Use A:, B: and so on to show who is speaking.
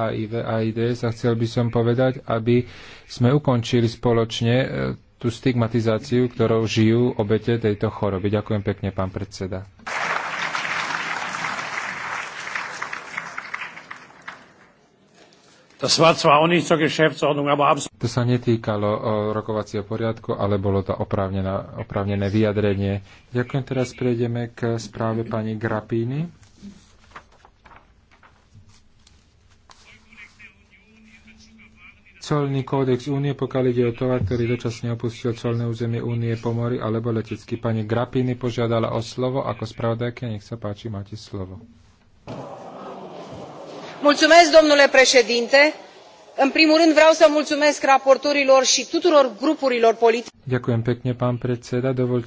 A: HIV a AIDS a chcel by som povedať, aby sme ukončili spoločne e, tú stigmatizáciu, ktorou žijú obete tejto choroby. Ďakujem pekne, pán predseda. To sa netýkalo e, rokovacieho poriadku, ale bolo to oprávnené vyjadrenie. Ďakujem, teraz prejdeme k správe pani Grapíny. colný kódex únie, pokiaľ ide o tovar, ktorý dočasne opustil colné územie únie po mori alebo letecky. Pani Grapiny požiadala o slovo ako spravodajka. Nech sa páči, máte slovo. Mulțumesc, domnule președinte. În primul rând vreau să mulțumesc raportorilor și tuturor grupurilor politice. Ďakujem pekne, pán predseda. Dovolte